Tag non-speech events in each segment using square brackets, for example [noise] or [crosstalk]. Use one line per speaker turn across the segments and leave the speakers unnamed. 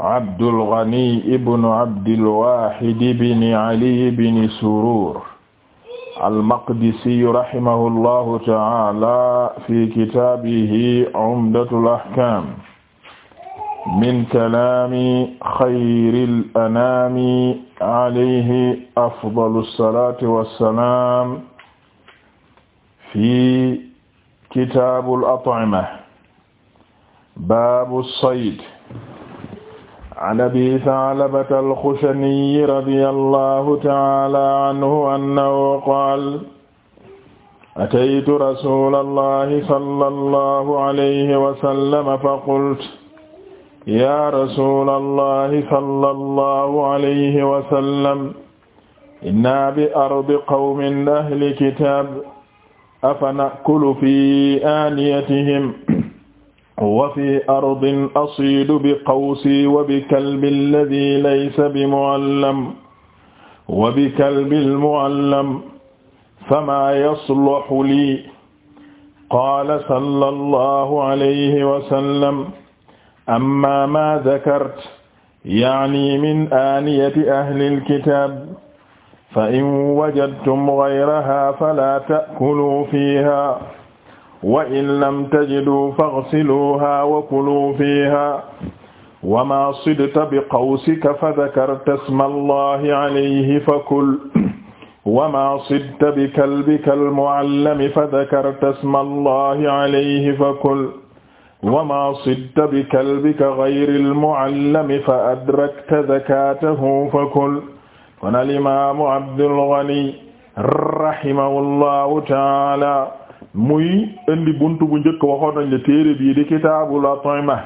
Abdul Ghani ibn Abdil Wahid ibn Ali ibn Surur al-Maqdisi rahimahullahu ta'ala fi kitaabihi Umdatul Ahkam min kalaami xayril anaami alayhi afdalu salaati wa salaam fi kitaabul at'ima baabu sayd an abi Sa'labata al-Xushaniyyi radiyallahu ta'ala anhu annahu qaala ataytu rasuulallahi sallallahu alayhi wa sallam faqultu yaa rasuulallahi sallallahu alayhi wa sallam innaa bi ardi qawmin ahli kitaab afana'kulu fii aaniyatihim wa fi ardin asiidu bi qawsi wa bi kalbi alladhi laysa bi mu'allam wa bi kalbi al-mu'allam famaa yasluhu lii qaala sallallahu alayhi wa sallam amma maa dhakarta ya'ni min aaniyati ahli al-kitaab fa in wajadtum ghayrahaa falaa ta'kuluu fiihaa wa in lam tajiduu faghsiluuhaa wa kuluu fiihaa wa maa sidta biqawsika fadakarta isma allahi alayhi fakul wa maa sidta bikalbika almuallami fadakarta isma allahi alayhi fakul wa maa sidta bikalbika ghayri almuallami fa adrakta zakaatahu fakul kon alimaamu Abdul Ghani rahimahullahu ta'aala muy indi buntu bu njëkk waxoon nañ ne téere bii di la kitaabul ma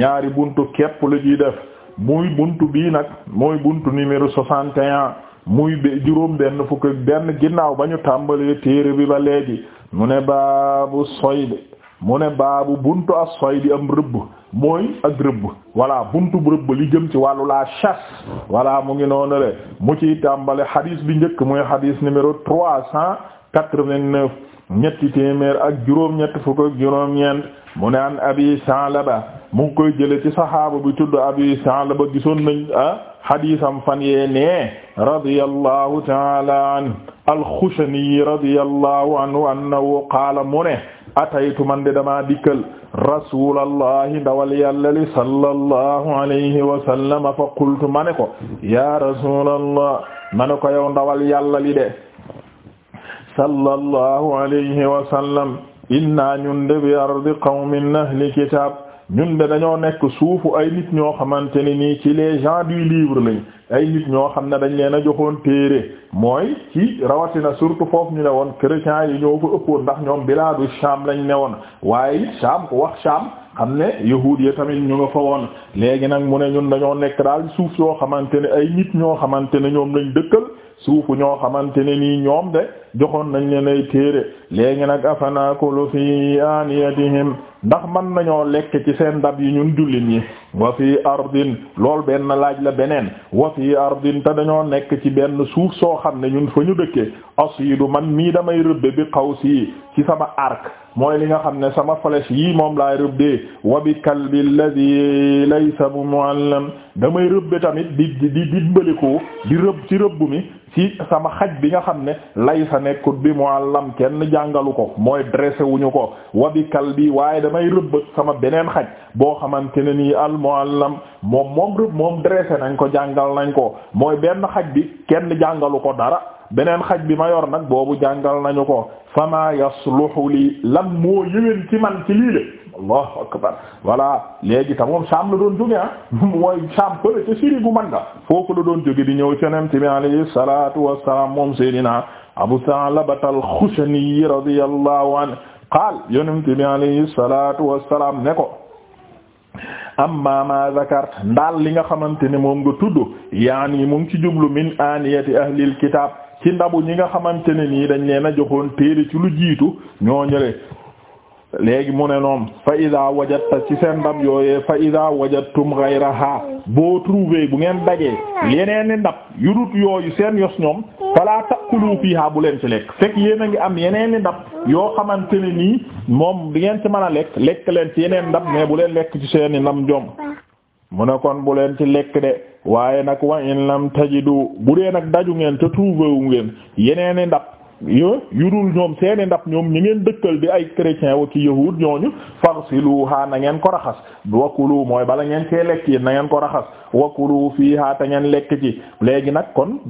ñaari buntu képp la ciy def muy buntu bii nag mooy buntu numéro soixante et un muy juróom benn fukk benn ginnaaw ba ñu tàmbalee téere bi ba léegi mu ne baabu soyd mu ne baabu buntu ak di am rëbb mooy ak rëbb wala buntu bu rëbb li jëm ci wàllu la chasse wala mu ngi noonu le mu ciy tàmbale xadiis bi njëkk muy xadiis numéro trois cent quatre-vingt-neuf ñetti téeméer ak juróom ñett fukk juróom ñeent mu an abi Sa'laba mu koy jële ci saxaaba bu tudd abi Sa'laba gisoon nañ ah xadiisam fan yee nee radiyallahu taala an al-Xushani radiyallahu anhu annahu qaala mu ataytu man de damaa dikkal rasulallahi ndawal yàlla li sallallahu alayhi fa qultu ma ko ya rasulallah ma ko yow ndawal yàlla li de sallallahu alayhi wa sallam inna ñun de bi ardi qawmin ahli kitab ñun de dañoo nekk suufu ay nit ñoo xamante ne nii ci les gens du livre lañ ay nit ñoo xam ne dañ leen a joxoon téere mooy ci rawatina surtout foofu ñu ne woon chrétiens yi ñoo ko ëppoon ndax ñoom bilaadu Sham lañ ne woon waaye it Sham ku wax Sham xam ne yahuud ya tamit ñu nga fa woon léegi nag mu ne ñun dañoo nekk daal suuf yoo xamante ne ay nit ñoo xamante ne ñoom lañ dëkkal suufu ñoo xamante ne nii ñoom de joxoon nañ leen ay téere léegi nag afanakulu fi aniyatihim ndax mën nañoo lekk ci seen ndab yi ñun jullit ñi wa fi ardin lool benn laaj la beneen wa fi ardin te dañoo nekk ci benn suuf soo xam ne ñun fa ñu dëkke asiidu man mii damay rëbbe bi qawsi ci sama ark mooy li nga xam ne sama flèche yii moom laay rëbbee wa bi kalbi alladhi laysa muallam damay rëbbe tamit di di di dimbalikoo di rëbb ci rëbb mi ci sama xaj bi nga xam ne laysa nekkut bi muallam kenn jàngalu ko mooy dressé wuñu ko wa bi kalbi waaye damay rëbbëg sama beneen xaj boo xamante ne nii al muallam moom moom rëbb moom dressé nañ ko jàngal nañ ko mooy benn xaj bi kenn jàngalu ko dara beneen xaj bi ma yor nag boobu jàngal nañu ko fama yasluhu li lan moo yëwén ci man ci lii de allahu akbar voilà léegi ta moom saam la doon jóge ah [laughs] mooy saam përe ca siri gu man ga foofu la doon jóge di ñëw yonent bi alayhi salatu wassalam moom seydina abu sa'labat al-xushani radiyallahu anhu qaal yonent bi alayhi salaatu wassalaam ne ko amma ma zakart ndaal li nga xamante ne moom lu tudd yaani mu ngi ci jublu min aniyati ahlil kitaab ci ndabu ñi nga xamante ne nii dañ leen a joxoon téere ci lu jiitu ñoo ñële léegi mu ne noom fa ida ci seen ndab yooyee fa ida wajadtum ghayraha boo trouvé bu ngeen dajee yeneen ni ndab yu dut yooyu seen yos ñoom fala ta'kulu fiha bu leen ci lekk fekk yéen a ngi am yeneen ni ndab yoo xamante ne nii moom di ngeen ci mën a lekk lekk leen ci yeneen ndab mais bu leen lekk ci seen i ndam jom mu ne kon bu leen ci lekk de waaye nag wa in lam tajidu bu dee nag daju ngeen te trouvé wu ngeen yeneen ndab yu dul ñoom seeni ndab ñoom ñu ngeen dëkkal di ay chrétien wa ki yahud ñooñu farsiluha na ngeen ko raxas wakulu mooy bala ngeen see lekk yi na ngeen ko raxas fii fiha te ngeen lekk ci léegi nag kon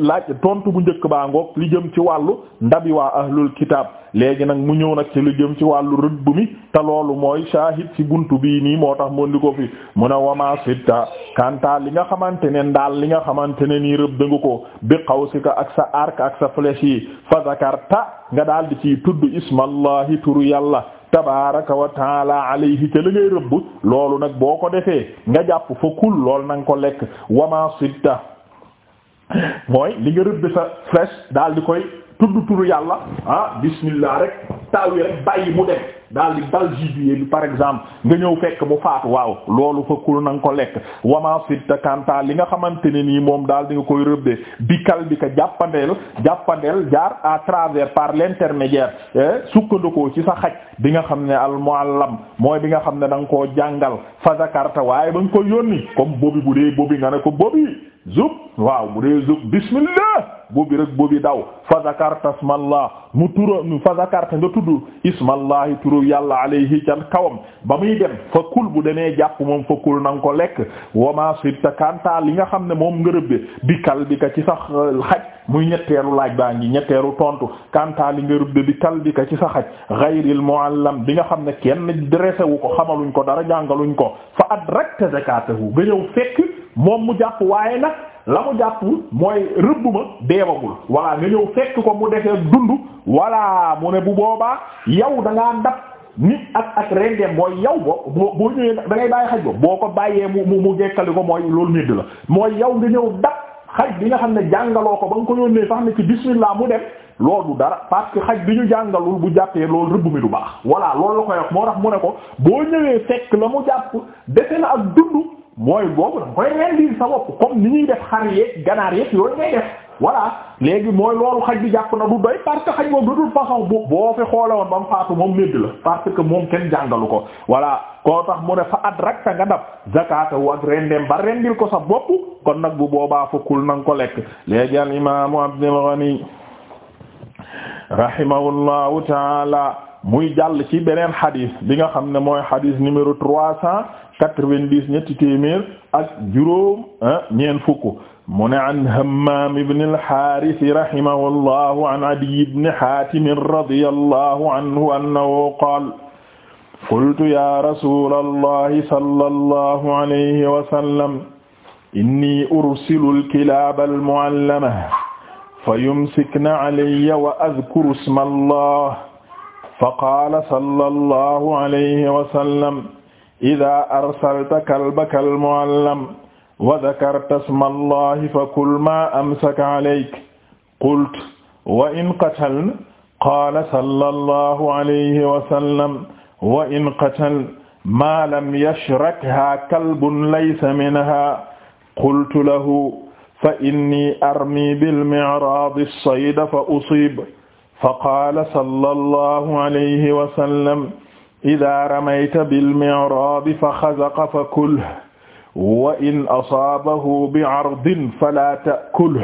laaj tontu bu njëkk baa ngoog li jëm ci wàllu ndabi waa ahlul kitab léegi nag mu ñëw nag ci lu jëm ci wàllu rëbb mi te loolu mooy shahid ci buntu bii nii moo tax mën di ko fi mun a wama sitta kanta li nga xamante ne ndaal li nga xamante ne nii rëbb danga ko bi qawsika ak sa arc ak sa flèche yi fa zakarta nga daal di ci tudd ismallahi turu yàlla tabaraka wa taala alayhi ca la ngay rëbb loolu nag boo ko defee nga jàpp fa kul lool nang ko lekk wama sitta mooy li nga rëbb sa flèche daal di koy tudd turu yàlla ah bismillah rek taw yi bàyyi mu dem daal di dal bi par exemple nga ñëw fekk bu faatu waaw loolu fa kul na nga ko lekk wama sitta kanta li nga xamante ne nii moom daal di nga koy rëbde bi kal bi ka jàppandeel jàppandeel jaar à travers par l'intermédiaire eh, sukkandikoo ci sa xaj bi nga xam ne lam mooy bi nga xam ne danga ko jàngal fa zakarta waaye ba nga ko yónni comme bobi bu dee bobi nga ne ko bobi zub waaw bu dee zub bismillah boobi rek bi daw fa zakarta ismallah mu tura fa zakarta nga tudd ismallahi turu yàlla alayhi ca kawam ba muy dem fa kul bu demee jàpp moom fa kul na ko lekk wama sibta kanta li nga xam ne moom ngërëb bi kal bi ka ci sax euh, xaj muy ñetteelu laaj baa ngi ñetteeru tontu kanta li ngërëb bi kal bi ka ci sax xaj ghayril muallam bi nga xam ne kenn dressé wu ko xamaluñ ko dara jàngaluñ ko fa adrakta zakatahu nga ñëw moom mu jàpp waaye nag la mu jàpp mooy rëbb ma deewagul voilà nga ñëw fekk ko mu defee dund voilà mu ne bu boobaa yow da ngaa ndab nit ak ak rendem mooy yow bo boo boo ñëwee da ngay bàyyi xaj ba boo ko bàyyee mu mu mu jekkali ko mooy loolu médd la mooy yow nga ñëw ndab xaj bi nga xam ne jàngaloo ko ba nga ko yónnee sax ne ci bismillah mu dem loolu dara parce xaj bi ñu jàngalul bu jàppee loolu rëbb mi du baax voilà loolu la koy wax moo tax mu ne ko boo ñëwee fekk la mu jàpp dese na ak dund mooy boobu danga koy rendil sa bopp comme ni ñuy def xar yeeg ganaar yeeg yooyu ngay def voilà léegi mooy loolu xaj bi jàpp na du doy parce que xaj moom de toute façon boo boo fi xoole woon ba faatu moom médd la parce que moom kenn jàngalu ko voilà koo tax mu ne fa at rak sa nga dab zakata wu ak rendem ba rendil ko sa bopp kon nag bu boobaa fukkul na nga ko lekk léegi al imaamu Abdul Ghani rahimahullahu taala muy jàll ci beneen xadis bi nga xam ne mooy xadis numéro trois cent quatre-vingt-dix ñetti téeméer ak juróom ñeent fukk mu ne an Hammaam ibn al-Haaris rahimahullahu an Adiy ibn Haatim radiyallahu anhu annahu qaala qultu ya rasuulallahi sallallahu alayhi wa sallam inni ursilu al-kilaaba al-mu'allama fayumsikna alayya wa adhkuru isma Allah faqaala sallallahu alayhi wa sallam idaa arsalta kalbaka almuallam wa dakarta isma allahi fakul maa amsaka alayk qultu wa in qatalna qaala sallallahu alayhi wa sallam wa in qatalna maa lam yashrakhaa kalbun laysa minhaa qultu lahu fa inni armii bil mi'raadi as-sayda fa usiib faqaala sallallahu alayhi wa sallam idaa ramayta bilmi'raabi faxazaqa fakulhu wa in asaabahu bi'ardin falaa ta'kulhu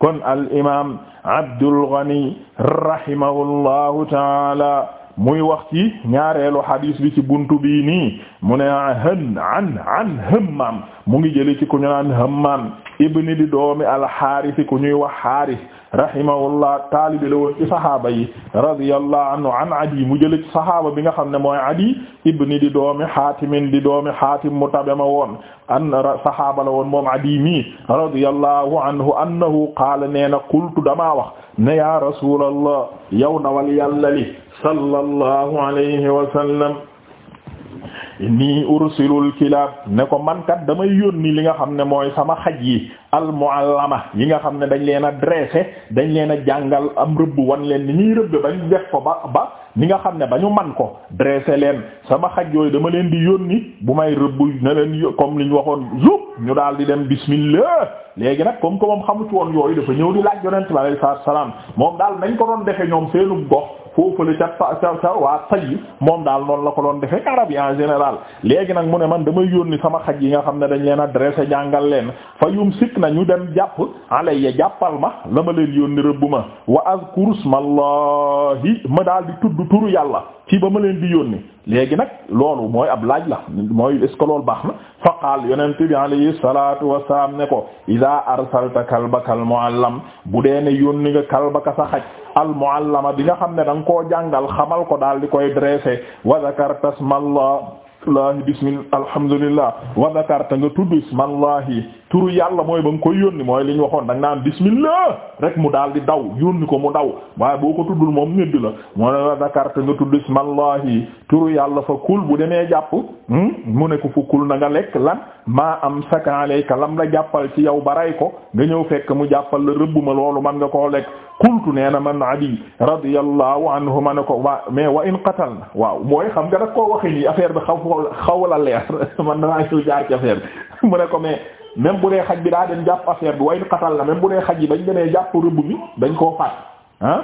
kon al imaam Abdul Ghani rahimahullahu ta'aala muy wax ci ñaareelu xadiis bi ci buntu bii nii mu ne an an an Hammaam mu ngi jëli ci ku ñu naan Hammaam ibni di doomi al Haaris ku ñuy wax Haaris rahimahullah taalibi la woon ci sahaaba yi radiyallahu anhu an adi mu jële ci sahaaba bi nga xam ne mooy adi ibni di doomi haatimin di doomi haatim mu tabema woon an sahaaba la woon moom adi mi radiyallahu anhu annahu qaala nee na qultu damaa wax ne ya rasulallah yow ndawal yàlla li sallallahu alayhi wa sallam inni ursilul kilaab ne ko mankat kat damay yónni li nga xam ne mooy sama xaj yi al muallama yi nga xam ne dañ leen a dressé dañ leen a jàngal am rëbb wan leen ni ñuy rëbb bañ def ko ba ba ni nga xam ne ba ñu man ko dressé leen sama xaj yooyu dama leen di yónni bu may rëbb na leen comme li ñu waxoon zup ñu daal di dem bismillah léegi nag comme que moom xamu ci woon yooyu dafa ñëw di laaj yonent bi alayhi salaam moom daal nañ ko doon defe ñoom seenu gox foofale ca ca ca waa Tayyif moom daal noonu la ko doon defee arab yi en général léegi nag mu ne man damay yónni sama xaj yi nga xam ne dañ leen a dressé jàngal leen fa yum sikk na ñu dem jàpp alayya jàppal ma la ma leen yónni rëbb ma wa azkur ismallahi ma daal di tudd turu yàlla ci ba ma leen di yónni léegi nag loolu mooy ab laaj la mooy est ce baax na fa qaal yonent bi alayhi salatu wasalaam ne ko ida arsalta kalbaka al muallam bu dee ne yónni nga kalbaka sa xaj al muallama bi nga xam ne da nga koo jàngal xamal ko daal di koy dressé wa zakartasmallah laahi bismillah alhamdulillah wa zakarta nga tudd ismallahi turu yàlla mooy ba nga koy yónni mooy li ñu waxoon da nga naan bismillah rek mu daal di daw yónni ko mu daw waaye boo ko tuddul moom ñëdd la moo ne wa zakarta nga tudd ismallahi turu yàlla fa kul bu demee jàpp hmm? mu ne ko fa kul na nga lekk lan maa am saka alayka lam la jàppal ci yow baray ko nga ñëw fekk mu jàppal la rëbb ma loolu man nga koo lekk kultu nee na man adi radiyallahu anhu ma ne ko waa mais wa in qatalna waaw mooy xam nga dak koo waxe ni affaire bi xaw xaw xaw la leer [laughs] man danaa ñëw jaar ci affaire bi [laughs] mu ne ko mais même bu dee xaj bi daa dem jàpp affaire bi way xatal la même bu dee xaj yi bañ demee jàpp rëbb mi dañ koo faat ah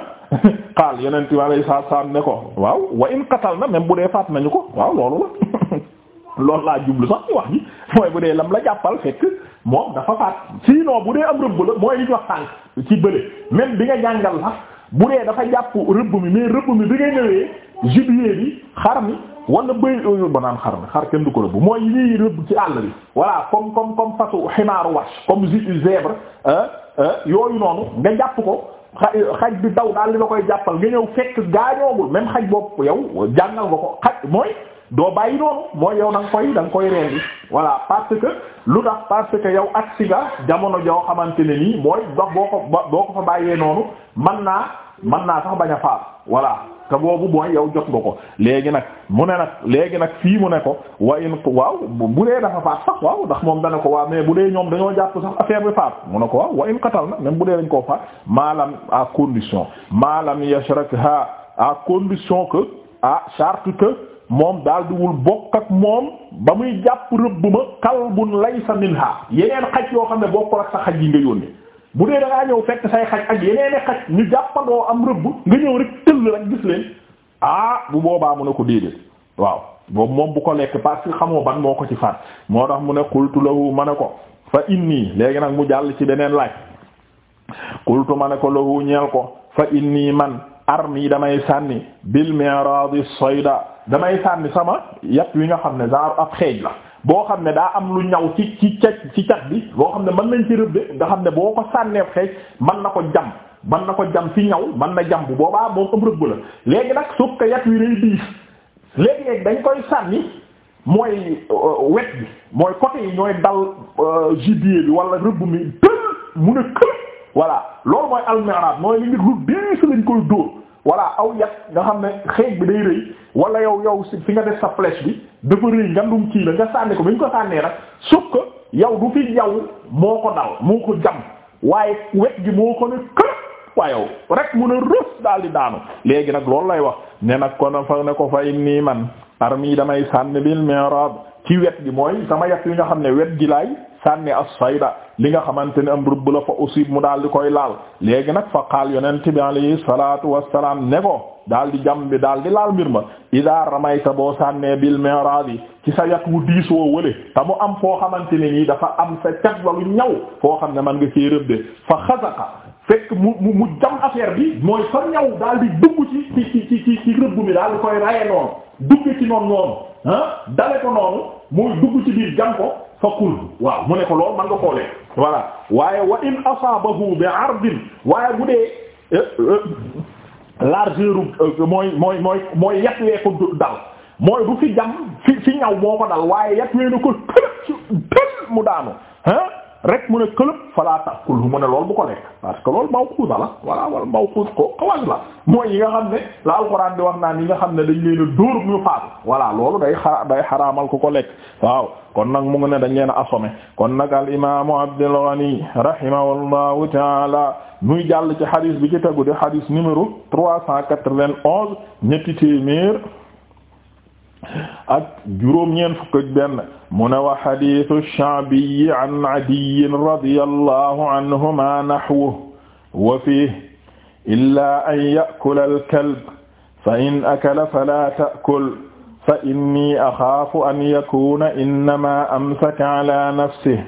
xaal yeneen i wàllu saa saa ne ko waaw wa in xatal na même bu dee faat nañu ko waaw loolu la. [laughs] loolu laa jublu sax ci wax ji mooy bu dee lam la jàppal fekk moom dafa faat sinon bu dee am rëbb la mooy li ñu wax tànk ci bële même bi nga jàngal la bu dee dafa jàpp rëbb mi mais rëbb mi bi nga ñëwee bi xar mi wala bëy yooyu naan xar mi xar kenn du ko rëbb mooy yii rëbb ci àll bi voilà comme comme comme fasu ximaaru wash comme zèbre yooyu noonu nga jàpp ko xaj bi daw daal di la koy jàppal nga ñëw fekk gaañoogul même xaj boobu yow jàngal nga ko xaj mooy doo bàyyi noonu mooy yow da koy da nga koy rendi voilà parce que lu tax parce que yow agsi nga jamono joo xamante ne nii mooy dox boo ko boo ko fa bàyyee noonu mën naa mën naa sax bañ a faat voilà te boobu mooy yow jot nga ko léegi nag mu ne nag léegi nag fii mu ne ko wa in waaw bu bu dee dafa faat sax waaw ndax moom dana ko waaw mais bu dee ñoom dañoo jàpp sax affaire bi faat mu ne ko waaw wa in qatal na même bu dee dañ koo faat maalam a condition maalam rek yashrakha à condition que à charte que moom daal diwul bokk ak moom ba muy jàpp rëbb ma kalbun laysa minha yeneen xaj yoo xam ne bokkul ak sa xaj yi nga yónnee bu dee da ngaa ñëw fekk say xaj ak yeneen xaj ñu jàppandoo am rëbb nga ñëw rek tëll rek gis leen ah bu boobaa mu ne ko déedéet waaw boobu moom bu ko lekk parce que xamoo ban moo ko ci faat moo tax mu ne qultu lahu ma ne ko fa inni léegi nag mu jàll ci beneen laaj qultu ma ne ko lahu ñeel ko fa inni man armi damay sànni bil mi'rad sayda damay sànni sama yat wi nga xam ne genre ab xeej la boo xam ne daa am lu ñaw ci ci ca ci cat bi boo xam ne mën nañ ci rëbbe nga xam ne boo ko sànneef xeej mën na ko jam mën na ko jam ci ñaw mën na jam bu boobaa moom am rëbb la léegi nag suuf ko yat wi day diis léegi-léegi dañ koy sànni mooy euh, wet bi mooy côté yi ñooy dal euh, gibier bi wala rëbb mi tël mu ne kël voilà loolu mooy almiraad mooy li ngi lu diis lañ koy dóor walla aw yat nga xam ne xeej bi day rëy wala yow yow si fi nga def sa flèche bi dafa rëy ngandum kii la nga sànni ko bi ñu ko sànnee nag suuf ko yow du fi yow moo ko dal moo ko jam waaye wet gi moo ko ne kër waaye yow rek mun a rës daal di daanu léegi nag loolu lay wax ne nag kon fa ne ko fay nii man armi damay sànni bil mi'rab ci wet gi mooy sama yat yi nga xam ne wet gi laay sànni as-sayda li nga xamante ne am rëbb la fa usib mu daal di koy laal léegi nag fa qaal yonent bi alayhi salaatu wassalaam ne ko daal di jam bi daal di laal mbir ma idaa ramayta boo sànnee bil mi'raadi ci sa yat wu diis woo wële te mu am foo xamante ne nii dafa am sa cat walu ñaw foo xam ne man nga cee rëbde fa xasaka fekk mu mu mu jam affaire bi mooy sa ñaw daal di dugg ci ci ci mi daal di koy raye noonu dugg ci noonu noonu ah, dale ko noonu mooy dugg ci biir jam ko fa kul waaw mu ne ko lool man nga koo lekk waaye wa in asaabahu bi ardin waaye bu dee euh, euh, largeur euh, mooy mooy mooy mooy yat wee ko dal mooy du fi jam fi fi ñaw moo ko dal waaye yat wee na ko tël mu daanu ah rek mu ne këlëb fala ta'kulhu mu ne lekk parce que loolu mawquza la voilà wala mawquz ko xawas la mooy yi nga xam ne la alxuraan di wax naan yi nga xam ne dañ leen a dóor ñu faatu voilà loolu day xara ko ko lekk waaw kon nag mu ngi ne dañ leen a kon nag al imaamu Abdul Ghani rahimahullahu taala muy jàll ci xadis bi ci tegu di xadis numéro trois cent quatre-vingt-onze ñetti téeméer ak juróom-ñeent fukk ak benn mu ne wa xadiisu Sha'bi an Adiy radiyallahu anhuma nahwu wa fiihi illaa an ya'kula al-kalb fa in akala falaa ta'kul fa inni axaafu an yakuuna innamaa amsaka alaa nafsihi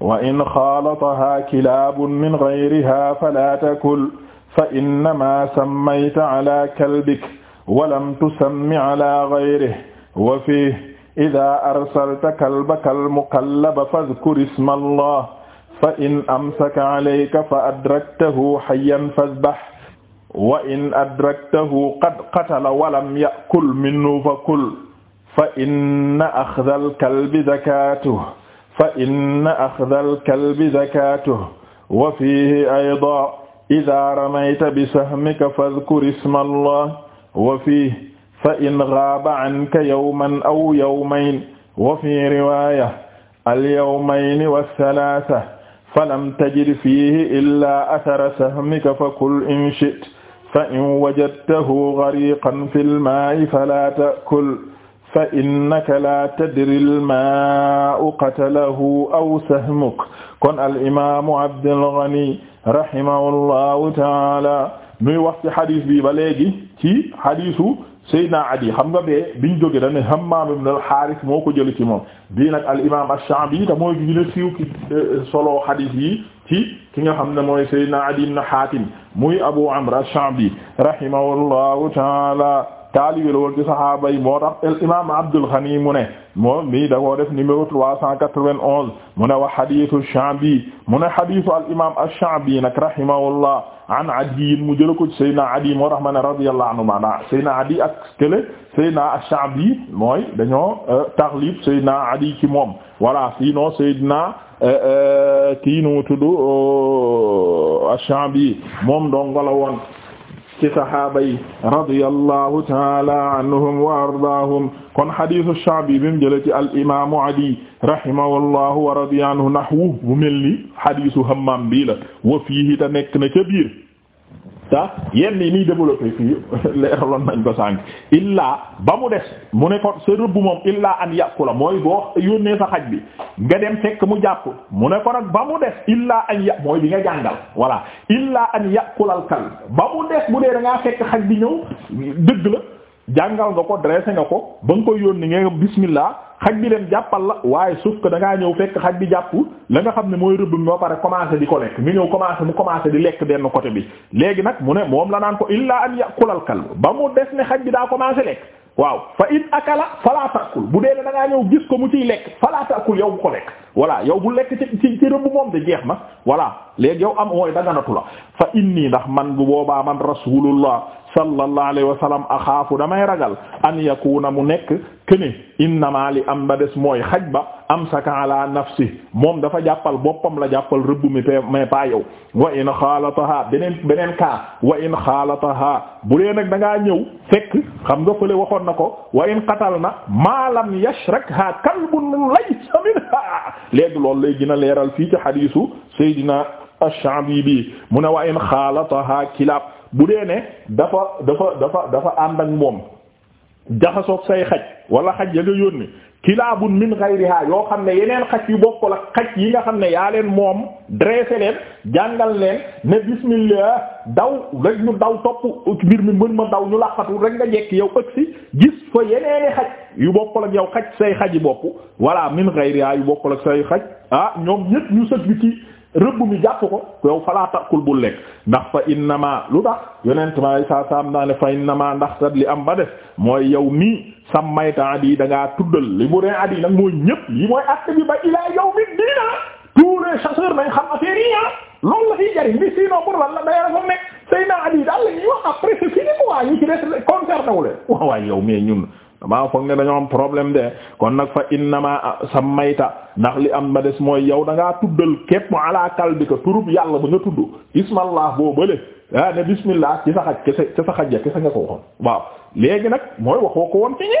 wa in xaalatahaa kilaabun min ghayrihaa falaa takul fa innamaa sammayta alaa kalbika wa lam tusammi alaa ghayrihi wa fi ida arsalta kalbaka almukallaba fadkur isma allah fa in amsaka alayka fa adraktahu hayyan fadbah wa in adraktahu qad qatala walam yakul minhu fa kul fa inna axda alkalbi zakatuh fa inna axda alkalbi zakatuh wa fihi ayda ida ramayta bisahmika fadkur isma allah wa fihi fa in gaaba anka yawman aw yawmayn wa fi riwaya alyawmayni wathalaatha falam tajid fiihi illaa athara sahmika fakul in shi'ta fa in wajadtahu ghariqan fi lmaa'i falaa ta'kul fa innaka laa tadri lmaa'u qatalahu aw sahmuk kon al'imaamu Abdul Ghani rahimahullahu ta'ala muy wax ci xadis bi ba léegi ci xadisu Seydina Adi xam nga bee biñ jógee dañ ne Hammaam ibn al-Haaris moo ko jëlee ci moom bii nag al imaam ash-Sha'bi te mooy gën a siiw ci euh, solo hadith yi ci ki nga xam ne mooy Seydina Adi ibn Haatim muy Abu Amr ash-Sha'bi rahimahullahu ta'ala taalibe la woon ci saxaaba yi moo tax al imaam Abdul Ghani mu ne moom mii da koo def numéro 391 mu ne wa hadithu Sha'bi mu ne hadithu al imaam ash-Sha'bi nag rahimahullah an Adi mu jëla ko ci Seydina Adi moo tax ma ne radiyallahu anhu maana Seydina Adi ak kële Seydina ash-Sha'bi mooy dañoo euh, taxlib Seydina Adi ci moom voilà sinon Seydina euh, euh, kii nu mu tudd ash-Sha'bi moom dong la ci sahaaba yi radiyallahu taala anhum wa ardaahum kon hadiisu Sha'bi bi mu jëlee ci al imaamu Adi rahimahullahu wa radiya anhu nahwu bu mel ni hadiisu Hammaam bii la wa fiihi ta nekk na ca biir ta yenn yi nii développé fii [laughs] leeraloon nañ ko sànq illaa ba mu des mu ne ko sa rëbb moom illaa an yàqula mooy boo yónnee sa xaj bi nga dem fekk mu jàpp mu ne ko nag ba mu des illaa an yà mooy nga jàngal voilà illaa an yàqulal kal ba mu des bu dee da fekk xaj bi ñëw dëgg la jàngal nga ko dressé nga ko ba nga koy yónni nga bismillah xaj bi dem jàppal la waaye suuf que da ñëw fekk xaj bi jàpp la nga xam ne mooy rëbb mi ba pare commencé di ko lekk nga ñëw commencé mu commencé di lekk denn côté bi léegi nag mu ne moom la naan ko illaa an yàqul al kalb ba mu des ne xaj bi daa commencé lekk waaw fa in akala fala taakul bu dee da ngaa ñëw gis ko mu ciy lekk fala taakul yow bu ko lekk voilà yow bu lekk ci ci rëbb moom de jeex na voilà léegi yow am mooy daganatu la fa inni ndax man bu boobaa man rasulullah sallallahu alayhi wa sallam axaafu damay ragal an yakuna mu nekk kene innama li am ba des mooy xaj ba amsaka ala nafsi moom dafa jàppal boppam la jàppal rëbb mi mais pas yow wa in xaalataha beneen beneen kaa wa in xaalataha bu dee nag da ngaa ñëw fekk xam nga fële waxoon na ko wa in qatal na maalam yashrakha kalbun laysa minha léegi loolu lay gën a leeral fii ci hadiisu Seydina Ash-Sha'bi bi mu ne wa in xaalataha kilab bu dee ne dafa dafa dafa dafa ànd ak moom jaxasoog say xaj wala xaj ya nga yónni kilaabun min ghayriha yoo xam ne yeneen xaj yu bokkul ak xaj yi nga xam ne yaa leen moom dressé leen jàngal leen ne bismillah daw rek ñu daw topp mbir mi mën ma daw ñu laqatu rek nga jekk yow ëgsi gis fa yeneeni xaj yu bokkul ak yow xaj say xaji bopp walla min ghayriha yu bokkul ak say xaj ah ñoom ñépp ñu sëg ci rëbb mi jàpp ko yow falaa takkul bul lekk ndax fa innama lu tax yonent ma lay saa fa innama ndax tat li am ba def mooy yow nii sam mayta adi da ngaa tuddal li bu dee adi nag mooy ñépp li mooy acte bi ba ilaa yawmi diina tous les nañ xam affaire yi ah loolu la fiy jariñ bi sinon pour lan la day dafa nekk sëy naa daal la ñuy wax après c'est fini quoi ñu ci des concerné wu leen [laughs] waaw yow mais ñun damaa foog ne dañoo am problème de kon nag fa innama sa mayta ndax li am ba des mooy yow da ngaa tuddal képp ala kalbika turub yàlla ba nga tudd ismallah boo bële ah ne bismillah ci sa xaj kese sa kese nga ko waxoon waaw léegi nag mooy waxoo ko woon ci ñi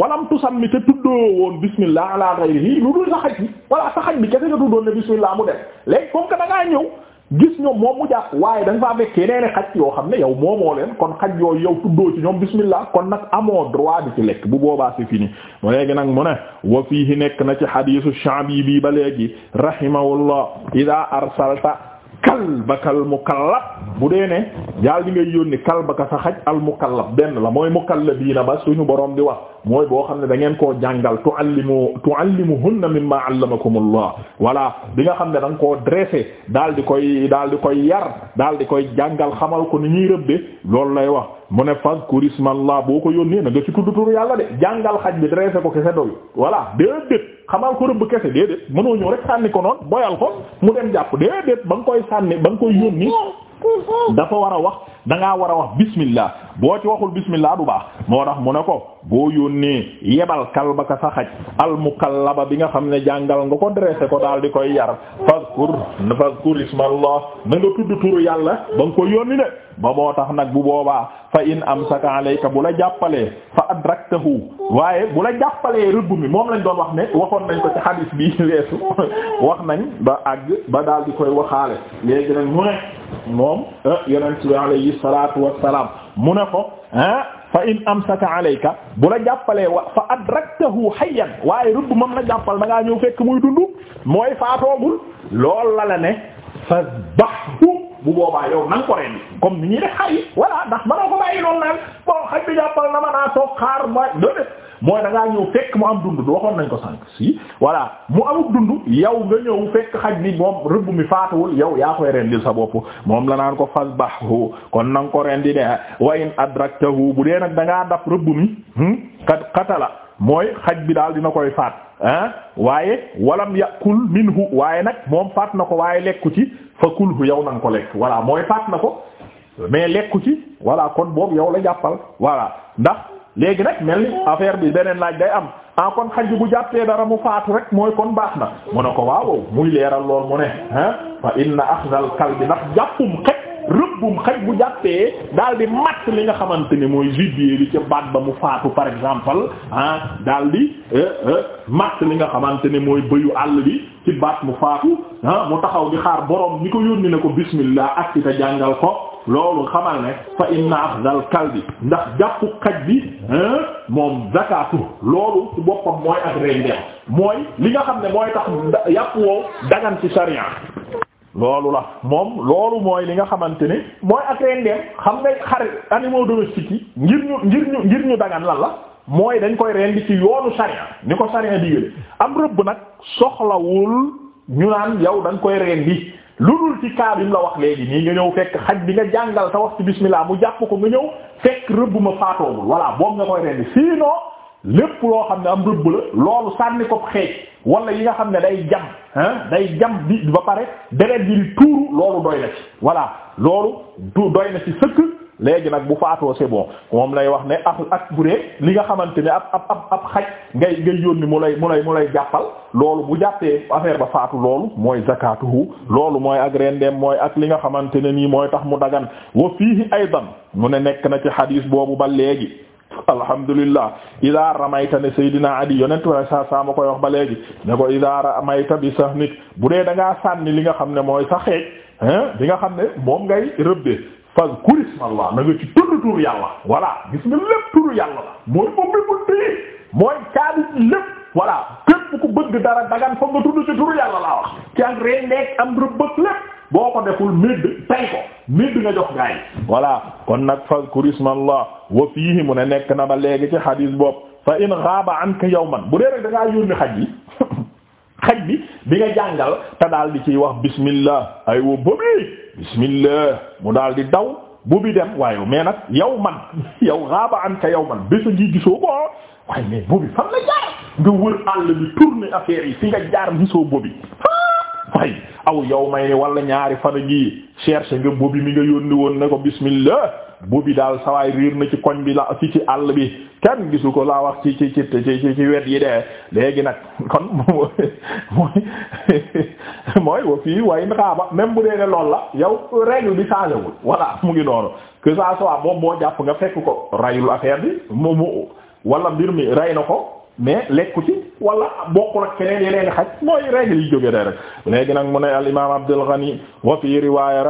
walam tusammi te tuddoo woon bismillah ala ghayrihi lu dul sa xaj bi voilà sa xaj bi kese nga tuddoon ne bismillah mu def léegi comme que da ñëw gis ñoom moom mu jàpp waaye da nga faa fekk yeneen xaj yoo xam ne yow moomoo leen kon xaj yooyu yow tuddoo ñoom bismillah kon nag amoo droit bi ci lekk bu boobaa c'est fini mu léegi nag mu ne wa fiihi nekk na ci hadiisu Sha'bi bi ba léegi rahimahullah idaa arsalta kalbakal mukallab bu dee ne jaal di ngay yónni kalbaka sa xaj al mukallab benn la mooy mukallabiina ba suñu boroom di wax mooy boo xam ne da ngeen koo jàngal tuallimu tuallimuhunna mimma allamakumullah voilà bi nga xam ne da nga koo dressé daal di koy daal di koy yar daal di koy jàngal xamal ko ni ñuy rëbbe loolu lay wax mu ne fazkur ismallah boo ko yónnee na nga ci tudd turu yàlla de jàngal xaj bi dressé ko kese doyu voilà déedéet xamal ko rëbb kese déedéet mënoo ñëw rek sànni ko noonu boyal ko mu dem jàpp déedéet ba nga koy sànni ba nga koy yónni dafa war a wax dangaa war a wax bismillah boo ci waxul bismillah du baax moo tax mu ne ko boo yónnee yebal kalbaka sa xaj almukallaba bi nga xam ne jàngal nga ko dressé ko daal di koy yar fazkur fazkur ismallah na tudd turu yàlla ba nga koy yónni de ba moo tax nag bu boobaa fa in amsaka alayka bu la jàppalee fa adraktahu waaye bu la jàppalee rëbb mi moom lañ doon wax ne waxoon nañ ko ci hadis bi leesu [laughs] wax nañ ba àgg ba daal di koy waxaale léegi nag mu ne moom eh, yonent bi alayhi salaatu wassalaam mu ne ko ah fa in amsaka alayka bu la jàppalee wa fa adraktahu hayyan waaye rëbb moom a jàppal da ngaa ñëw fekk muy dund mooy faatoogul lool la la ne fasbahu bu boobaa yow nang ko rendi comme ni ñuy def xar ndax manoo ko bàyyi loolu naan bon xaj bi jàppal na ma naa toog xaar mooy doote ñëw fekk mu am dund du waxoon nañ ko sànq si voilà mu amul dund yow nga ñëw fekk xaj bi moom rëbb mi faatuwul yow yaa koy rendil sa bopp moom la naan ko fasbahu kon nang ko rendi de wa in adraktahu bu dee nag da ngaa daf rëbb mi hmm, kat katala mooy xaj bi daal dina koy faat ah waaye walam yakul minhu waaye nag moom faat na ko waaye lekku ci fa kulhu yow na nga ko lekk voilà mooy faat na ko mais lekku ci wala kon boobu yow la jàppal voilà ndax léegi nag mel ni affaire bi beneen laaj day am en ah kon xaj bu jàppee dara mu faatu rek mooy kon baax na mu ne ko waawow muy leeral lool mu ne ah fa inna akhdhal kalbi ndax jàppum xet bum xaj bu jàppee daal di matt li nga xamante ne mooy gibier bi ca baat ba mu faatu par exemple ah daal eh, eh, matt li nga xamante ne mooy bëyu àll bi ci baat mu faatu ah, mu taxaw di xaar borom ni ko yónni ne ko bismillah ak ci ta jàngal ko loolu xamal ne fa inna afdal ndax jàppu xaj bi eh, moom zakatu loolu ci boppam mooy ak rendem mooy li nga xam ne mooy tax yàpp woow dagan ci sariya loolu la moom loolu mooy li nga xamante ni mooy ak rendeem xam nga xar animaux domestiques yi ngir ñu ngir ñu ngir ñu dagan lan la mooy dañ koy rendi ci yoonu sharia ni ko sharia digle am rëbb nag soxlawul ñu naan yow dañ koy rendi lu dul ci cas bi mu la wax léegi nii nga ñëw fekk xaj bi nga jàngal te wax ci bismillah mu jàpp ko nga ñëw fekk rëbb ma faatoogul voilà boobu nga koy rendi sinon lépp loo xam ne am rëbb la loolu sànni ko xeej wala yi nga xam ne day jam ah day jam di ba pare deret bi di tuuru loolu doy na ci voilà loolu du doy na ci sëkk léegi nag bu faatoo c'est moom lay wax ne ak ak bu dee li nga xamante ne ab ab ab ab xaj ngay ngay yónni mu lay mu lay mu lay jàppal loolu bu jàppee affaire ba faatu loolu mooy zakatuhu loolu mooy ak rendeem mooy ak li nga xamante ne nii mooy tax mu dagan wa fiihi aydan mu ne nekk na ci hadis boobu ba léegi alhamdulillah ida ramayta ne Seydina Adi yonent way sa sama koy wax ba léegi ne ko ida ramayta bi sax nit bu dee da ngaa sànni li nga xam ne mooy sa xeej nga xam ne moom ngay rëbde faz kurismallah na nga ci tudd tur yàlla voilà gis nga lépp turu yàlla la mooy moom bi mun téyi mooy caabi lépp voilà képp ku bëgg dara dagan foog nga tudd ci turu yàlla laa wax ci am rëbbëg lépp boo ko deful médd tay ko médd nga jox gaay voilà kon nag fa kurismallah wa fiihi mu ne nekk na ba léegi ci xadiis bopp fa in ghaba anka yawman bu dee rek da ngaa yónni xaj yi [laughs] xaj bi bi nga jàngal te daal di ciy wax bismillah ay wa bëbi bismillah mu daal di daw bu bi dem waaye mais nag [laughs] yow man yow ghaba anka yawman bésa ngi gisoo ko waaye mais bu fan la jaar nga wër àll bi tourner affaire yi fi nga jaar gisoo bobi way aw yow may ni wala ñaari fan a ji cherche nga bobi mi nga yónni woon ne ko bismillah bobi daal sawaay riir na ci koñ bi la ci ci àll bi kenn gisu ko laa wax ci ci ci wet yi de léegi nag kon [laughs] mooy mooy wa fii waaye xaaba même bu dee ne lool la yow règle bi changé wul mu ngi noonu que ça soit moom boo jàpp nga fekk ko rayul affaire bi moomu wala mbir mi ray na ko mais lekku ci wala bokkul ak keneen yeneen xaj mooy règle yi jóge day rek léegi nag mu ne al imam Abdul Ghani wa fi riwaya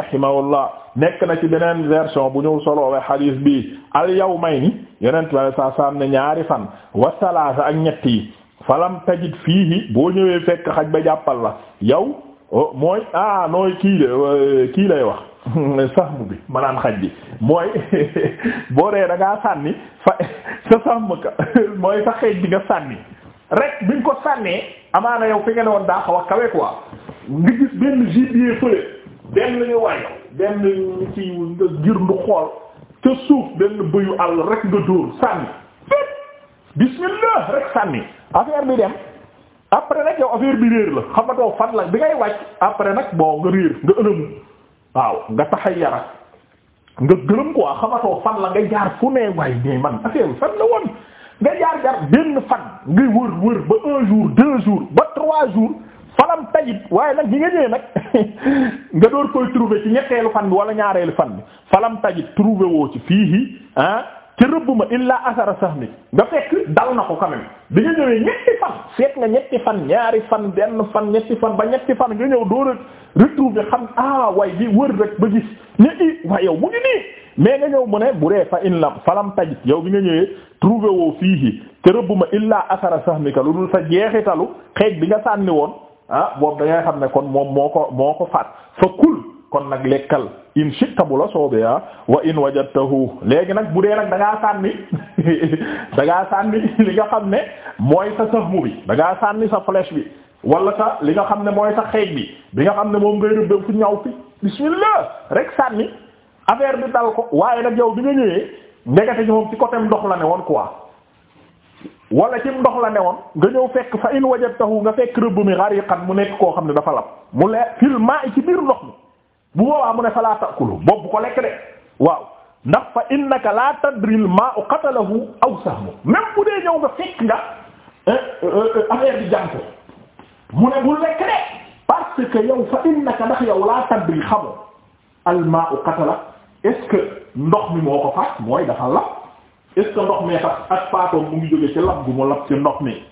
nekk na ci beneen version bu ñëw soloowe hadis bi al yawmayni yeneen ma sa saam ne ñaari fan wa salaasa ak ñetti yi falam tajid fiihi boo ñëwee fekk xaj ba jàppal la yow oh, mooy ah nooy kii de euh, kii lay wax [laughs] saxmu bi manaan xaj bi mooy [laughs] boo ree da sànni fa [laughs] sa sàmm ka [laughs] mooy sa xeej bi nga sànni rek bi nga ko sànnee amaana yow fi nga woon daa xaw a kawe quoi nga gis benn gibier fële benn ñu wayo benn ñu àll rek nga dóor sànni bépp bismillah rek sànni affaire bi dem après nag yow affaire bi réer la xamatoo fan la bi ngay wàcc après nag bon nga réer nga ëlëmu waaw nga taxa yara nga gërëm quoi xamatoo fan la nga jaar fu ne waaye mais man affaire bi fan la woon nga jaar jaar benn fan nga wër wër ba un jour deux jours ba trois jours fanam tajit waaye nag ñi nga ñëwee nag [laughs] nga door koy trouver ci ñetteelu fan bi wala ñaareelu fan bi falam tajit trouver woo ci fii ah. te rëbb ma illaa asara sahmi nga fekk dal na ko quand même bi nga ñëwee ñetti fan seet nga ñetti fan ñaari fan benn fan ñetti fan ba ñetti fan nga ñëw doo rek retrouver xam ah way bi wër rek ba gis ne waaye yow mu ngi nii mais nga ñëw mu ne bu dee fa in lam falam tajit yow bi nga ñëwee trouver woo fiihi te rëbb ma illaa asara sahmika lu dul sa jeexitalu xeej bi nga sànni woon ah boobu da ngay xam ne kon moom moo ko moo ko faat fa kul kon nag lekkal in shitta bu la soobee ah wa in wajadtahu léegi nag bu dee nag dangaa sànni [laughs] da ngaa sànni li nga xam ne mooy sa sahmu bi da sànni sa flèche bi wala sa li nga xam ne mooy sa xeej bi bi nga xam ne moom ngay rëbb fu ñaw fi bismillah rek sànni affaire bi dal ko waaye nag yow bi nga ñëwee ndekete ci moom ci côté ndox la ne woon quoi wala ci ndox la ne woon nga ñëw fekk fa in wajadtahu nga fekk rëbb mi gariqan mu nekk koo xam ne dafa lab mu le ci biir ndox mi bu boobaa mu ne fa laa ta'kulu boobu ko lekk de waaw ndax fa innaka laa tadril ma'u qatalahu aw sahmu euh, euh, euh, mu ne bul lekk de parce que yow fa innaka ndax yow laa tadri xamoo al qatala est ndox mi moo ko faat mooy dafa lab est ndox mee tax ak faatoom mu ngi jóge ci lab gu mu lab ci ndox mi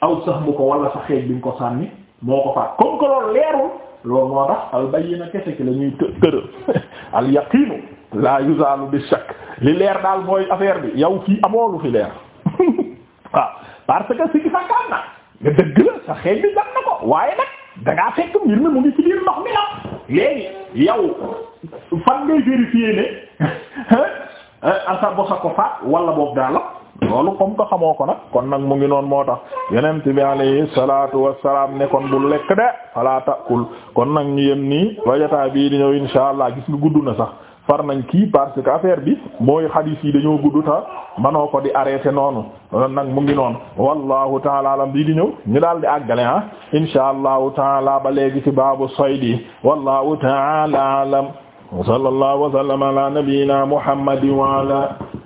aw sahmu ko wala sa xeej bi nga ko sànni moo ko faat comme que loolu leerul loolu moo tax al bayyina kese ki la të tëral [laughs] al yaqiinu la yuzalu bi shakk li leer daal mooy affaire bi yow fii amoolu fi leer [laughs] waaw parce si ki sa kaan nga dëgg la sa xeeñ bi dam na ko waaye nag da fekk mbir mi mu ngi ci biir ndox mi la léegi yow fan ngay vérifier ne [laughs] asa bosa ko faat wala boobu daal la loolu comme ko xamoo ko nag kon nag mu ngi noon moo tax yonent bi alayhi salaatu wassalaam ne kon bu lekk de a takkul kon nag ñu yem ni wajataa bii di ñëw insha allah gis nga gudd na sax far nañ kii parce que affaire bi mooy xadiis yi dañoo gudd ta manoo ko di arrêté noonu nag mu ngi noonu wallahu taala alam bii di ñëw ñu daal di àggale ah insha allahu taala ba léegi ci baabu saydi wallahu taala alam wa wa sallama ala nabiyyina muhammadin